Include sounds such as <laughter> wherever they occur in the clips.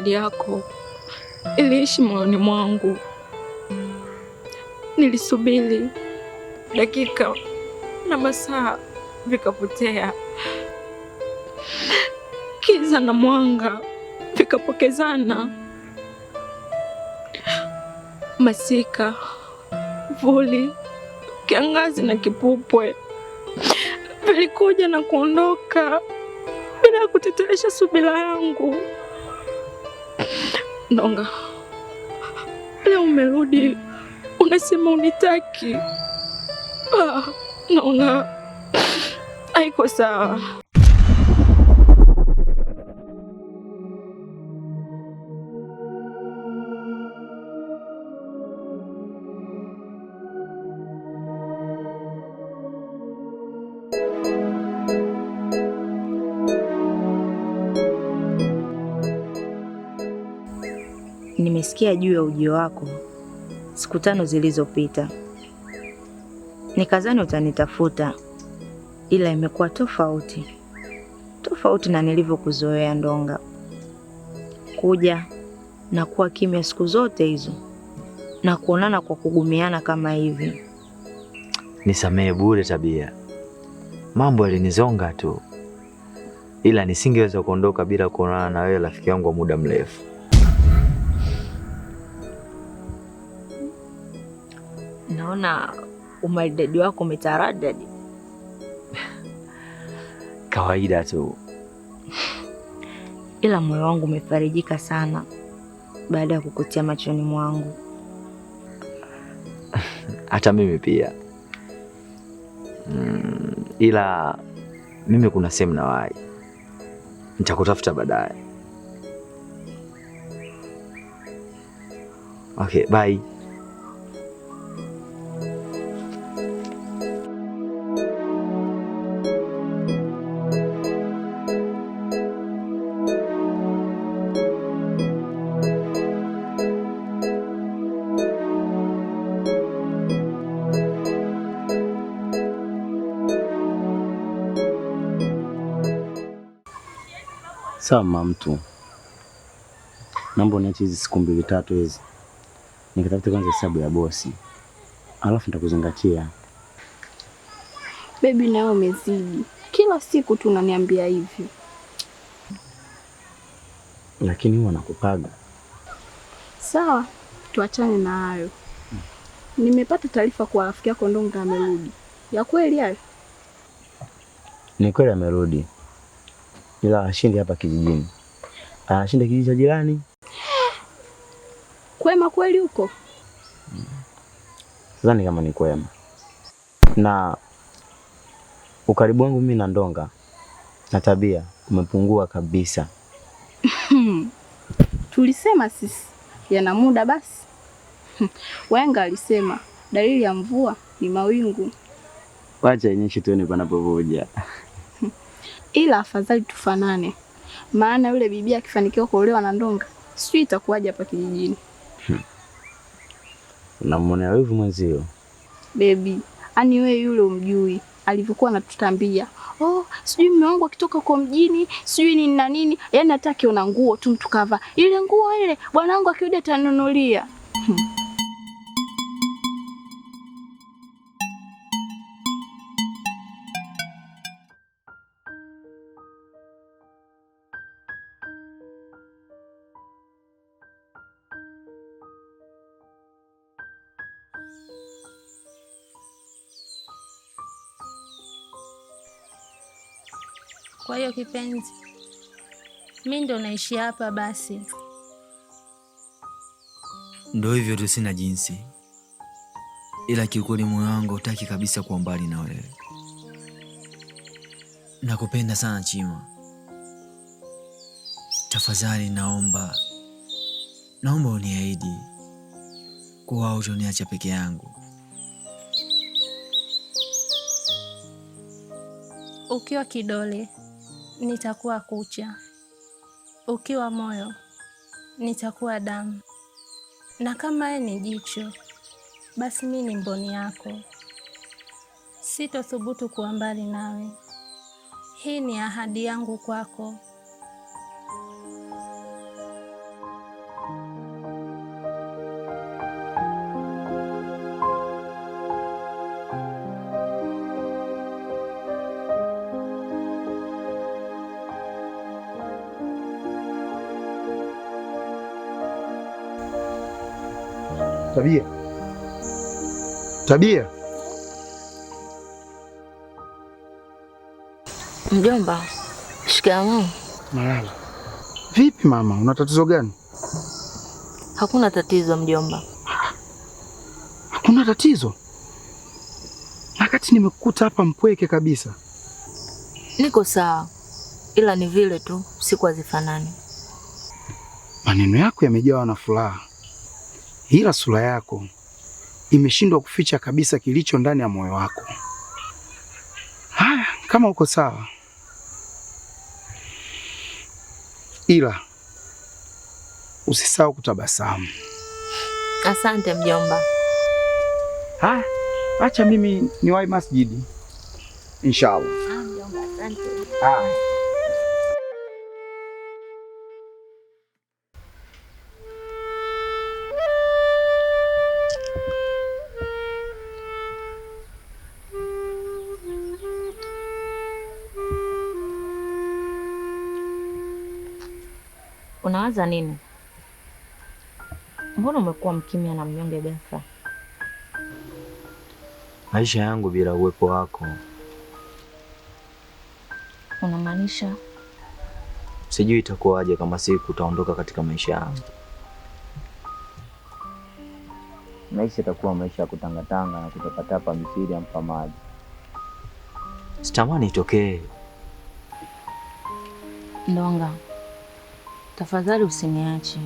ahadi yako iliishi moyoni mwangu. Nilisubiri dakika na masaa vikapotea, kiza na mwanga vikapokezana, masika, vuli, kiangazi na kipupwe vilikuja na kuondoka bila ya kutetelesha subira yangu nonga leo umerudi, unasema unitaki. Ah, Nonga, haiko sawa. nilisikia juu ya ujio wako siku tano zilizopita, nikazani utanitafuta, ila imekuwa tofauti tofauti na nilivyokuzoea Ndonga, kuja na kuwa kimya siku zote hizo na kuonana kwa kugumiana kama hivi. Nisamehe bure Tabia, mambo yalinizonga tu, ila nisingeweza kuondoka bila kuonana na wewe, rafiki yangu wa muda mrefu. naona umaridadi wako umetaradadi. <laughs> Kawaida tu <laughs> ila moyo wangu umefarijika sana baada ya kukutia machoni mwangu. <laughs> Hata mimi pia mm, ila mimi kuna sehemu na wai nitakutafuta baadaye. Okay, bye. Sama mtu, naomba uniache hizi siku mbili tatu hizi nikatafute kwanza hesabu ya bosi, alafu nitakuzingatia. Bebi, nawe umezidi, kila siku tu unaniambia hivyo, lakini huwa nakupaga. Sawa, tuachane na hayo. Nimepata taarifa kwa rafiki yako Ndonga amerudi. Ya kweli hayo? Ni kweli amerudi ila ashinde hapa kijijini, anashinda kijiji cha jirani. Kwema kweli huko? Sidhani kama ni kwema, na ukaribu wangu mimi na Ndonga na tabia umepungua kabisa. <laughs> Tulisema sisi yana muda basi. <laughs> Wenga alisema dalili ya mvua ni mawingu. Wacha inyeshe tuone panapovuja. <laughs> ila afadhali tufanane, maana yule bibi akifanikiwa kuolewa na Ndonga sijui itakuwaje hapa kijijini. Hmm. Unamwonea wivu mwenzio bebi? Ani wewe yule umjui alivyokuwa anatutambia oh, sijui mume wangu akitoka kwa mjini sijui nini na nini, yaani hata akiona nguo tu mtu kavaa ile nguo ile bwanangu akirudi atanunulia. Hmm. Kwa hiyo kipenzi, mi ndo naishi hapa basi. Ndo hivyo tu, sina jinsi, ila kiukweli moyo wangu hautaki kabisa kuwa mbali na wewe. Nakupenda sana Chima, tafadhali naomba, naomba uniahidi kuwa hautoniacha peke yangu. Ukiwa kidole nitakuwa kucha, ukiwa moyo nitakuwa damu, na kama ye ni jicho, basi mi ni mboni yako. Sitothubutu kuwa mbali nawe. Hii ni ahadi yangu kwako. Tabia, Tabia. Mjomba, shikamoo. Malala, vipi mama, una tatizo gani? Hakuna tatizo mjomba. Ha, hakuna tatizo? Nakati nimekukuta hapa mpweke kabisa. Niko sawa, ila ni vile tu siku hazifanani. Maneno yako yamejawa na furaha ila sura yako imeshindwa kuficha kabisa kilicho ndani ya moyo wako. Haya, kama uko sawa, ila usisahau kutabasamu. Asante mjomba. Haya, acha mimi niwahi masjidi, inshallah. Ah, mjomba, asante. Haya. Unawaza nini? Mbona umekuwa mkimya na mnyonge ghafla? Maisha yangu bila uwepo wako. Unamaanisha? Sijui itakuwaje kama siku utaondoka katika maisha yangu. Maisha itakuwa maisha ya kutangatanga na kutapatapa misiri ya mpamaji. Sitamani itokee. Ndonga. Tafadhali usiniache.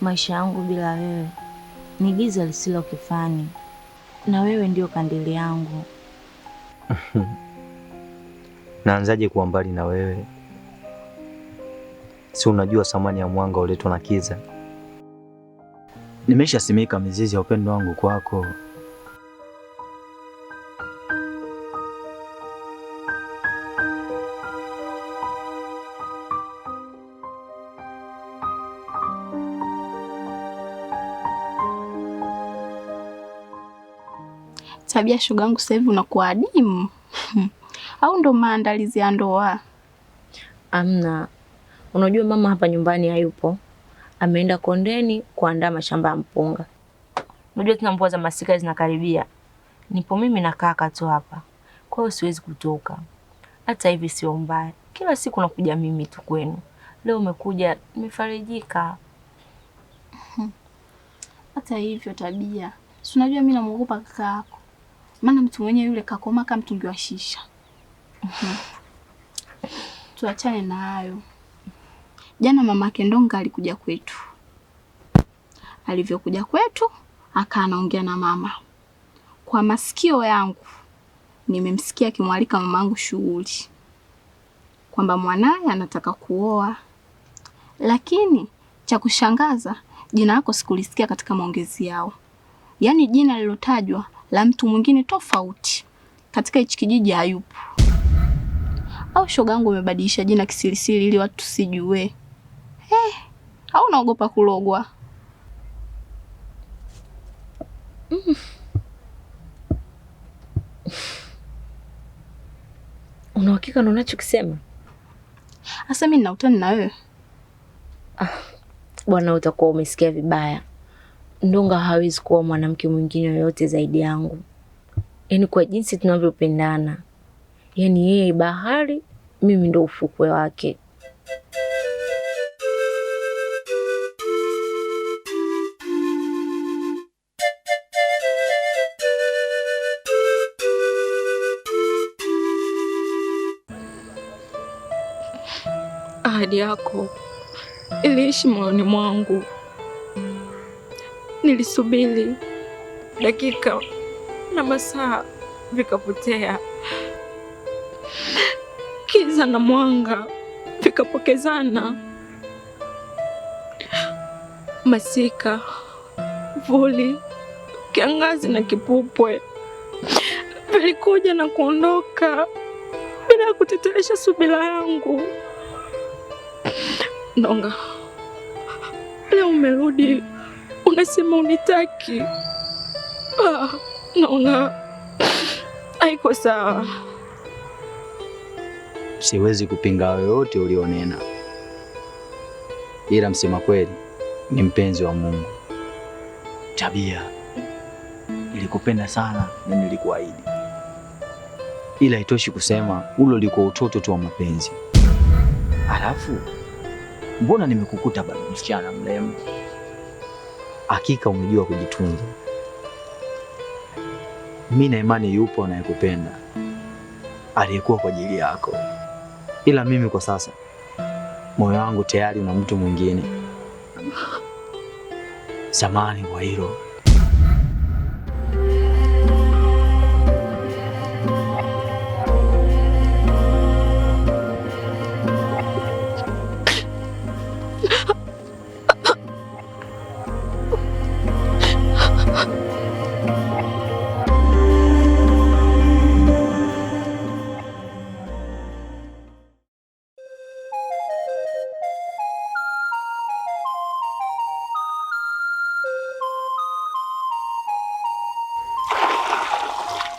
Maisha yangu bila wewe ni giza lisilo kifani, na wewe ndio kandili yangu. <laughs> Naanzaje kuwa mbali na wewe? Si unajua thamani ya mwanga uletwa na kiza. Nimeshasimika mizizi ya upendo wangu kwako. tabia shoga yangu, sasa hivi unakuwa adimu <laughs> au ndo maandalizi ya ndoa? Amna, unajua mama hapa nyumbani hayupo, ameenda kondeni kuandaa mashamba ya mpunga. Unajua tuna mvua za masika zinakaribia, nipo mimi na kaka tu hapa, kwa hiyo siwezi kutoka. Hata hivi sio mbaya, kila siku nakuja mimi tu kwenu. Leo umekuja, nimefarijika. <laughs> Hata hivyo Tabia, si unajua mimi namuogopa kaka yako maana mtu mwenye yule kakoma kama mtungi wa shisha. Mhm. Tuachane na hayo. Jana mama Kendonga alikuja kwetu, alivyokuja kwetu akaa anaongea na mama. Kwa masikio yangu nimemsikia akimwalika mamangu shughuli, kwamba mwanaye anataka kuoa, lakini cha kushangaza jina lako sikulisikia katika maongezi yao, yaani jina lilotajwa la mtu mwingine tofauti katika hichi kijiji hayupo. Au shoga yangu umebadilisha jina kisirisiri ili watu tusijue? Eh, au naogopa kulogwa? Mm. Una uhakika na unachokisema? Asa mimi utani na wewe. Ah, bwana utakuwa umesikia vibaya. Ndonga hawezi kuwa mwanamke mwingine yoyote zaidi yangu. Yaani kwa jinsi tunavyopendana, yaani yeye bahari, mimi ndo ufukwe wake. Ahadi yako iliishi moyoni mwangu. Nilisubiri dakika na masaa vikapotea, kiza na mwanga vikapokezana, masika, vuli, kiangazi na kipupwe vilikuja na kuondoka bila ya kutetelesha subira yangu. Ndonga, leo umerudi. Unasema unitaki ah, naona haiko sawa. Siwezi kupinga yoyote ulionena, ila msema kweli ni mpenzi wa Mungu. Tabia, nilikupenda sana na nilikuahidi, ila itoshi kusema ulo liko utoto tu wa mapenzi. alafu mbona nimekukuta bado msichana mrembo hakika umejua kujitunza. Mimi na imani yupo anayekupenda aliyekuwa kwa ajili yako, ila mimi kwa sasa moyo wangu tayari una mtu mwingine. Samahani kwa hilo.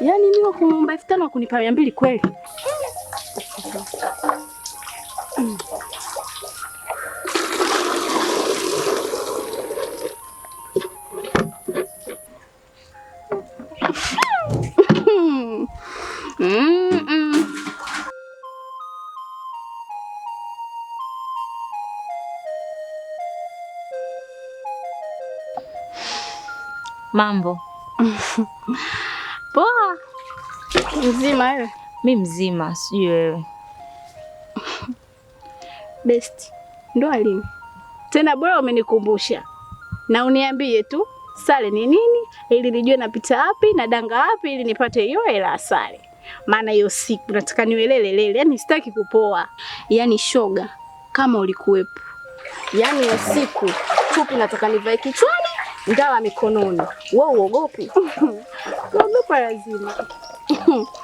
Yaani mimi wakumwomba elfu tano wakunipa mia mbili kweli? Mambo <laughs> Poa. Mzima wewe? Mi mzima, sijui wewe. <laughs> best ndo lini tena? Bora umenikumbusha, na uniambie tu sare ni nini, ili nijue napita wapi na danga wapi, ili nipate hiyo hela sare. Maana hiyo siku nataka niwelelelele, yani sitaki kupoa. Yani shoga, kama ulikuwepo, yani hiyo siku tupi, nataka nivae ndawa mikononi. Wewe uogopi? Kuogopa <laughs> lazima <laughs>